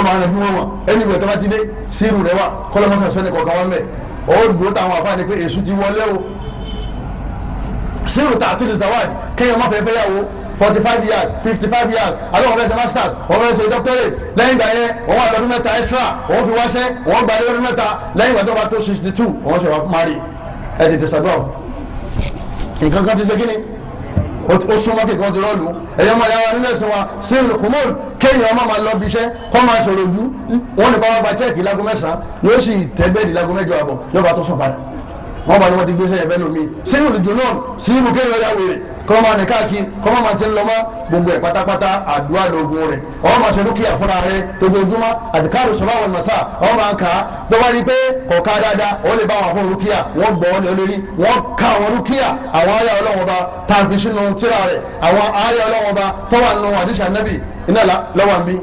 lọ́mọ àwọn ẹ̀fún wọn mọ̀ ẹni ìgbà tó bá ti dé sírù rẹ wà kọ́lọ́mọ́sán sọ́ni kọ̀ọ̀kan wọn bẹ̀ ó dúró táwọn àfáà ni pé èṣù ti wọlé o sírù tààtú ni zawad kéèyàn má fẹ́ẹ́ fẹ́yàwó forty five years fifty five years àbí wọn fẹ́ ṣe masters wọn fẹ́ ṣe doctorate lẹ́yìn ìgbà yẹn wọn wà lọ́dún mẹ́ta extra wọn fi wáṣẹ́ wọn gba lọ́dún mẹ́ta lẹ́yìn ìgbà tó bá tó sixty two wọn ṣe wà mari ẹ̀ tètè ṣàdúrà nǹkan kan ti ṣe kí ni ó súnmọ́ kíkọ́ ti rọ́ọ̀lù ẹ̀yọ́ máa yára nílẹ̀ sí wa sílùú kùmọ́ọ̀lù kéèyàn ọmọ máa lọ bí iṣẹ́ kọ́ máa sọ̀rọ̀ ojú wọn ní báwa gba chẹ́ẹ̀kì lágọ́ mẹ́sàn-án yóò sì tẹ́gbẹ́ẹ̀dì lágọ́ mẹ́jọ àbọ̀ yóò bá tó sùn padà wọ́n bá ní wọ́n ti gbé sẹ́yìn bẹ́ẹ̀ lómi sílùú dùnú sílùú kéèyàn yá wèrè kọ́ máa ní káàkiri kọ́ máa máa ti ń lọ mọ́ gbogbo ẹ̀ pátápátá àdúrà lóògùn rẹ̀ ọ̀ máa ṣe dúkìá fúnra rẹ̀ ojoojúmọ́ àdìkárò sọ̀rọ̀ àwọn màsà ọ̀ máa ń kà á tó bá rí i pé kọ̀ọ̀ká dáadáa ó lè bá wọn fún dúkìá wọ́n gbọ́ wọn lé lórí wọ́n ka àwọn dúkìá àwọn ayé ọlọ́wọ́n ba tàbí sínú tíra rẹ̀ àwọn ayé ọlọ́wọ́n ba tọ́wà nù àdìsá nẹ́bì iná lọ́wọ́ nbí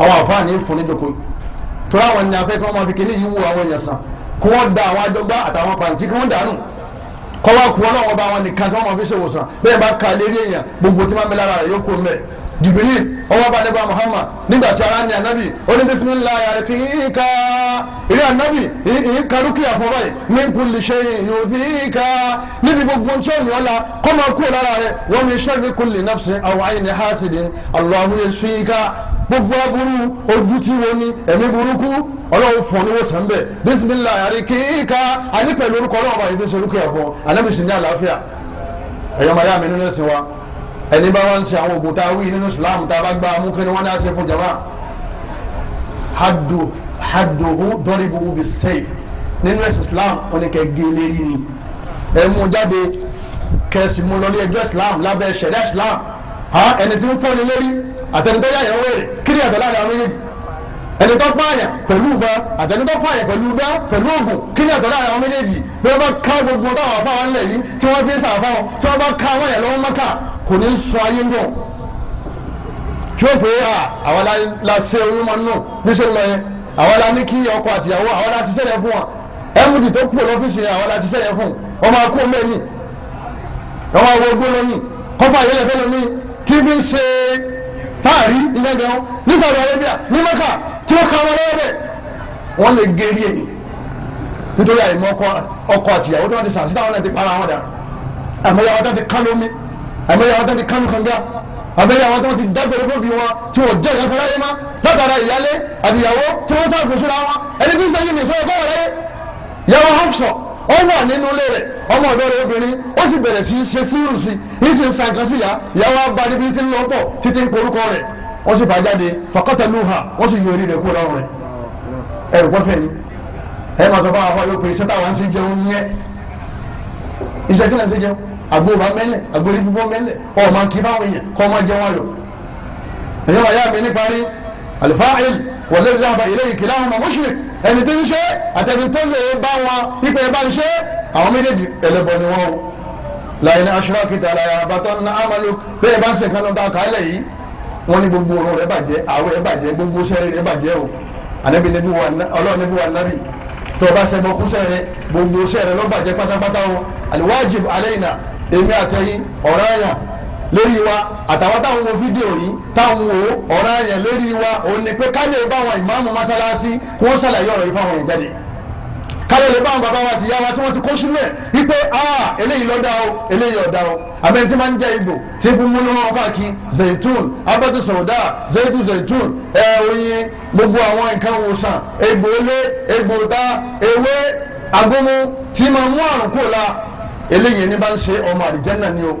àwọn àfáàní fún ní dòkó tó láwọn ní afẹ́ kí wọ́n máa fi kíní yìí wú àwọn èèyàn sàn kí wọ́n da àwọn adọ́gbá kọ́wá kú ọlọ́wọ́ bá wọn nìkan tí wọ́n máa fi ṣe wòsàn bẹ́ẹ̀ bá ka lérí èèyàn gbogbo tí máa mi lára rẹ̀ yóò kó mẹ́ jìbìrì ọwọ́ bá dẹ́gbà Muhammad nígbà tí ara ní anabi ó ní bisimilah yàrá kì í ka ìrí anabi ìyí ka rúkìá fún báyìí ní kulli shay'in yu'dhika níbi gbogbo tí òyìn ọ̀la kọ́ máa kú lára rẹ̀ wa min sharri kulli nafsin aw ayni hasidin Allahu yashfika gbogbo aburú ojú tí wo ni ẹ̀mí burúkú ọlọ́run fún ọ ní wòsàn bẹ́ẹ̀ bísímìlá àríkíkà àní pẹ̀lú orúkọ ọlọ́run bá ibi ìṣerúkọ ẹ̀fọn anábìsí ní àlàáfíà ẹ̀yọ́ màyá mi nínú ẹ̀sìn wa ẹni bá wá ń ṣe àwọn ògùn tá a wí nínú Islam tá a bá gba amúkẹ́ ni wọ́n ní àṣẹ fún jama hadu haduhu dọ́rìbùwù bí sẹ́f nínú ẹ̀sìn Islam wọn ni kẹ́ gé lérí ni ẹ̀ mú jáde kẹ́sì mú lọ ní ẹjọ́ Islam lábẹ́ ṣẹ̀dá Islam ha ẹni tí ń fọ́ni lórí àtẹnitọ́ yà yẹn wẹ̀rẹ̀ kí ni àtẹlẹ́ àwọn méjèèjì ẹni tó pààyàn pẹ̀lú ìbọn àtẹni tó pààyàn pẹ̀lú ìbá pẹ̀lú ògùn kí ni àtẹlẹ́ àwọn méjèèjì bí wọ́n bá ká gbogbo táwọn afáwọn ńlẹ̀ yìí kí wọ́n fi ń sàfáwọn tí wọ́n bá ká àwọn yẹn lọ́wọ́ mọ́kà kò ní í sọ ayé náà tí ó pé àwọn la oyún mọ́ kọ́fà yẹlẹ fẹ́ lónìí fi ń ṣe fáàrí ìyẹn gan ní Saudi Arabia ní Mẹ́kà tí wọ́n ka wọn lọ́wọ́ bẹ́ẹ̀ wọ́n lè gérí èyí nítorí àìmọ ọkọ àtìyàwó tí wọ́n ti sàṣìṣà wọn náà ti para wọn dà àmọ́yàwó tó ti kán lómi àmọ́yàwó tó ti kán kànga àmọ́yàwó tó ti dágbére fún bí wọn tí wọ́n jẹ́ ìyàfẹ́ láyé má látara ìyálé àtìyàwó tí wọ́n sàgbèsúra wọn ẹni tí ń sẹ́yìn nìṣó ẹgbẹ́ rẹ̀ yàrá hàn sọ̀ ó wà nínú ilé rẹ̀ ọmọ ọ̀dọ́ rẹ̀ obìnrin ó sì bẹ̀rẹ̀ sí í ṣe sùúrù sí i ní sì ń san kan sí ìyá ìyàwó abá níbi tí ń lọ pọ̀ títí ń porúkọ rẹ̀ wọ́n sì fà á jáde fàkọ́tà lóha wọ́n sì yọ orí rẹ̀ kúrò lọ́rùn rẹ̀ ẹ̀rù pọ́fẹ́ ni ẹ máa sọ fún àwọn ọlọ́pẹ iṣẹ́ táwọn ń ṣe jẹun yẹn iṣẹ́ kí náà ṣe jẹun àgbóba mẹ́lẹ̀ àgbórí fífọ́ mẹ́lẹ̀ ọ̀ máa kí báwọn èèyàn kọ́ máa jẹun ayọ̀ ẹ̀yọ́ alifáàil wọlé ìlànà ilé ìkìlá ọmọ mushrik ẹni tó ń ṣe àtẹni tó lè bá wọn pípẹ́ bá ń ṣe àwọn méjèèjì ẹlẹ́bọ ni wọ́n o láyé ní aṣọ àkìtà láyé àbátọ́ ní amalu bẹ́ẹ̀ bá ń ṣe kan náà kálẹ̀ yìí wọ́n ní gbogbo ọ̀rọ̀ rẹ̀ bàjẹ́ àwọ̀ rẹ̀ bàjẹ́ gbogbo sẹ́rẹ̀ rẹ̀ bàjẹ́ o ànábì níbi wà ọlọ́run níbi wà nábì tó o bá ṣẹbọ gbogbo sẹ́rẹ̀ ló bàjẹ́ pátápátá o alwajib alayna èmi àtẹ̀yìn ọ̀rọ̀ àyàn lérí wa àtàwọn táwọn wo fídíò yìí táwọn wo ọ̀ràn yẹn lérí wa òun ni pé ká lè bá àwọn ìmáàmù mọ́sálásí kó wọ́n ṣàlàyé ọ̀rọ̀ yìí fáwọn yẹn jáde kálẹ̀ lè bá àwọn bàbá wa àti ìyá wa tí wọ́n ti kó sílẹ̀ wípé aa ah, eléyìí ló o eléyìí ò dá o àbẹ̀ tí máa ń jẹ́ ìgbò tí fún múlò wọn káàkiri zaitun abatu sọ̀dá zaitun zaitun ẹ oyin gbogbo àwọn nǹkan wòsàn egbò ilé egbò ta ewé agbóhun tí máa mú àrùn kò la eléyìí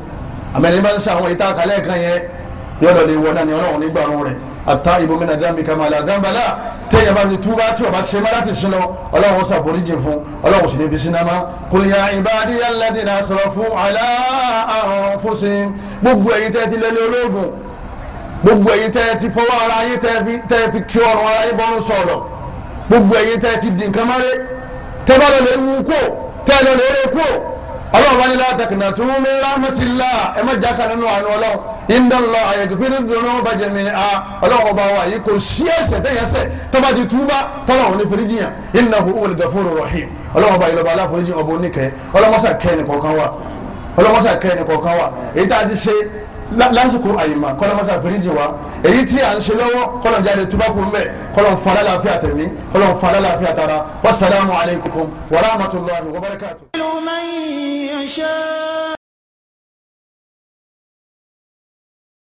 àmẹ́ni bá ń sa àwọn ìta àkàlẹ́ kan yẹn yóò lọ lè wọ náà ni ọlọ́run nígbà ọ̀run rẹ̀ ata ibomi na dami kama la dambala téèyàn bá fi túbà tí o bá ṣe má láti sinú ọlọ́run sàforí jìn fún ọlọ́run sì ní bí sinamá kòlíyà ìbáàdí yàlẹ́dì náà sọ̀rọ̀ fún àlá àwọn fúnṣin gbogbo èyí tẹ́ ti lẹ́lẹ́ ológun gbogbo èyí tẹ́ ti fọwọ́ ara yín tẹ́ fi kí ọrùn ara yín bọ́nu sọ̀rọ̀ gbogbo èyí tẹ́ ti dì nǹkan tẹ́ bá lọ lè wú kó tẹ́ lọ lè rẹ kó ọlọ́run bá ní látàkùnà tó ń mi rámẹ́tìlá ẹ má jáka nínú àánú ọlọ́run ìndọ́lọ àyẹ̀dùfínì dùnú bàjẹ́ mi a ọlọ́run bá wà yìí kò sí ẹ̀ṣẹ̀ tẹ̀yẹsẹ̀ tọ́ba ti túbá tọ́lọ́run ní fìdíjìyàn innahu huwal ghafurur rahim ọlọ́run bá yìlọ́ba aláforíjì ọ̀bọ oníkẹ́ ọlọ́mọsà kẹ́ ẹnì kọ̀ọ̀kan wà ọlọ́mọsà kẹ́ ẹnì kọ̀ọ̀kan wà èyí tá a ti ṣe lásìkò àyèmà kọ́lá mọ́tà fèrèjì wa èyí tí à ń ṣe lọ́wọ́ kọ́lá jáde tubakun mẹ́ kọ́lá fàlà láàfíà tẹ̀mí kọ́lá fàlà láàfíà tara wasalaamu alaykum wa rahmatulahi wa barakatu.